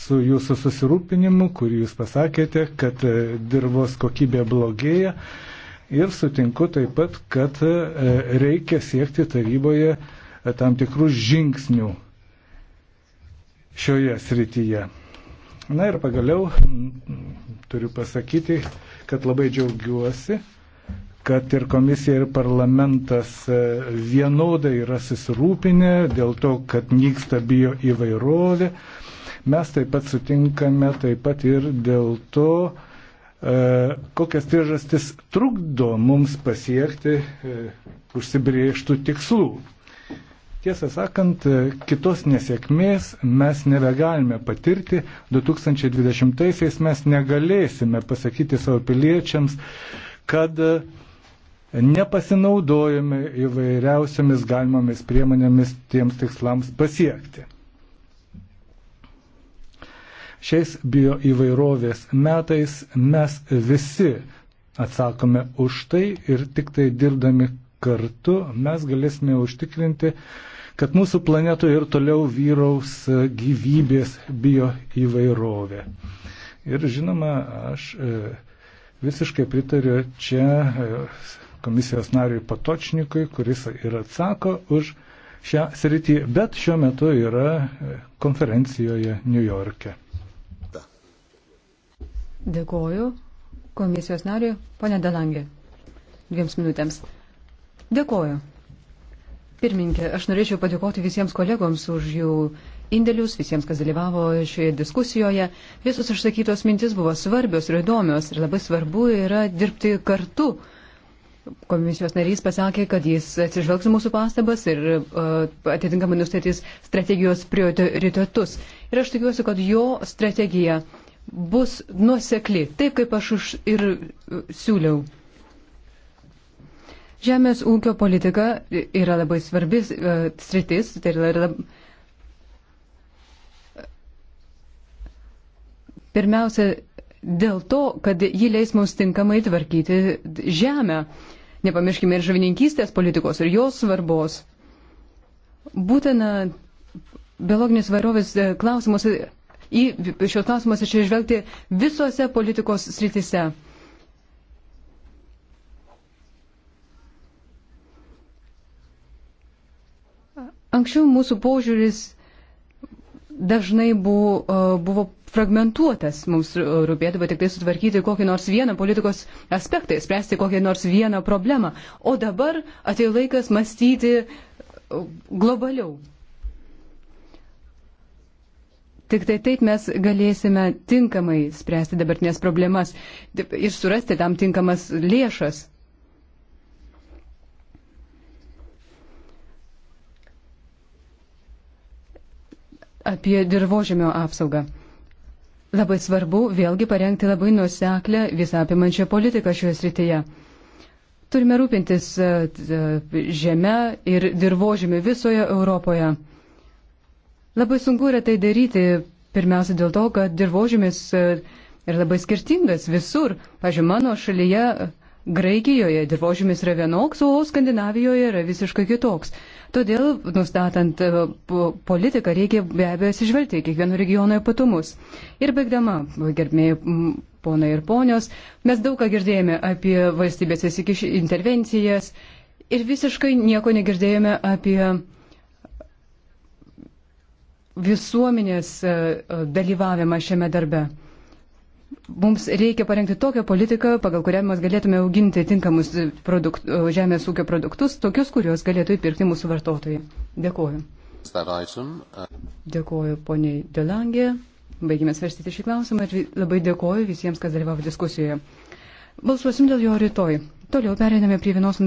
su jūsų susirūpinimu, kurį jūs pasakėte, kad e, dirbos kokybė blogėja. Ir sutinku taip pat, kad e, reikia siekti taryboje e, tam tikrų žingsnių šioje srityje. Na ir pagaliau turiu pasakyti, kad labai džiaugiuosi, kad ir komisija, ir parlamentas e, vienodai yra susirūpinę dėl to, kad nyksta bio įvairovė. Mes taip pat sutinkame taip pat ir dėl to, E, kokias priežastis trukdo mums pasiekti e, užsibriežtų tikslų. Tiesą sakant, e, kitos nesėkmės mes nebegalime patirti. 2020-aisiais mes negalėsime pasakyti savo piliečiams, kad nepasinaudojame įvairiausiamis galimomis priemonėmis tiems tikslams pasiekti. Šiais bioįvairovės metais mes visi atsakome už tai ir tik tai dirbdami kartu mes galėsime užtikrinti, kad mūsų planetoje ir toliau vyraus gyvybės bioįvairovė. Ir žinoma, aš e, visiškai pritariu čia e, komisijos nariui Patočnikui, kuris ir atsako už šią sritį, bet šiuo metu yra e, konferencijoje New York'e. Dėkoju komisijos nariui, ponė Dalangė. Dviems minutėms. Dėkoju. Pirminkė, aš norėčiau padėkoti visiems kolegoms už jų indėlius, visiems, kas dalyvavo šioje diskusijoje. Visos išsakytos mintis buvo svarbios ir įdomios ir labai svarbu yra dirbti kartu. Komisijos narys pasakė, kad jis atsižvelgs mūsų pastabas ir uh, atitinkamai nustatys strategijos prioritetus. Ir aš tikiuosi, kad jo strategija uh, bus nuosekli, taip kaip aš ir e, siūliau. Žemės ūkio politika yra labai svarbi uh, sritis. Tai yra lab... Pirmiausia, dėl to, kad ji leis mums tinkamai tvarkyti žemę. Nepamirškime ir žavininkystės politikos ir jos svarbos. Būtina biologinės varovės e, klausimus į šios klausimus išžvelgti visose politikos srityse. Anksčiau mūsų požiūris dažnai buvo, e, buvo fragmentuotas, mums rūpėdavo tik tai sutvarkyti kokį nors vieną politikos aspektą, spręsti kokią nors vieną problemą. O dabar atėjo laikas mąstyti globaliau. Tik tai taip mes galėsime tinkamai spręsti dabartinės problemas ir surasti tam tinkamas lėšas. Apie dirbožėmio apsaugą. Labai svarbu vėlgi parengti labai nuseklę visą apimančią politiką šioje srityje. Turime rūpintis e, e, žemę ir dirbožėmį visoje Europoje. Labai sunku yra tai daryti, pirmiausia dėl to, kad dirbožymis e, yra labai skirtingas visur. Pavyzdžiui, mano šalyje Graikijoje dirbožymis yra vienoks, o Skandinavijoje yra visiškai kitoks. Todėl, nustatant e, politiką, reikia be abejo atsižvelgti į kiekvieno regiono ypatumus. Ir baigdama, gerbėjai ponai ir ponios, mes daug ką girdėjome apie valstybės įsikiš intervencijas ir visiškai nieko negirdėjome apie visuomenės e, e, dalyvavimą šiame darbe. Mums reikia parengti tokią politiką, pagal kurią mes galėtume auginti tinkamus produkt, e, žemės ūkio produktus, tokius, kuriuos galėtų įpirkti mūsų vartotojai. Dėkuoju. Uh, dėkuoju poniai Delangė. Baigime svarstyti šį klausimą ir labai dėkuoju visiems, kas dalyvavo diskusijoje. Balsuosim dėl jo rytoj. Toliau pereiname prie vienos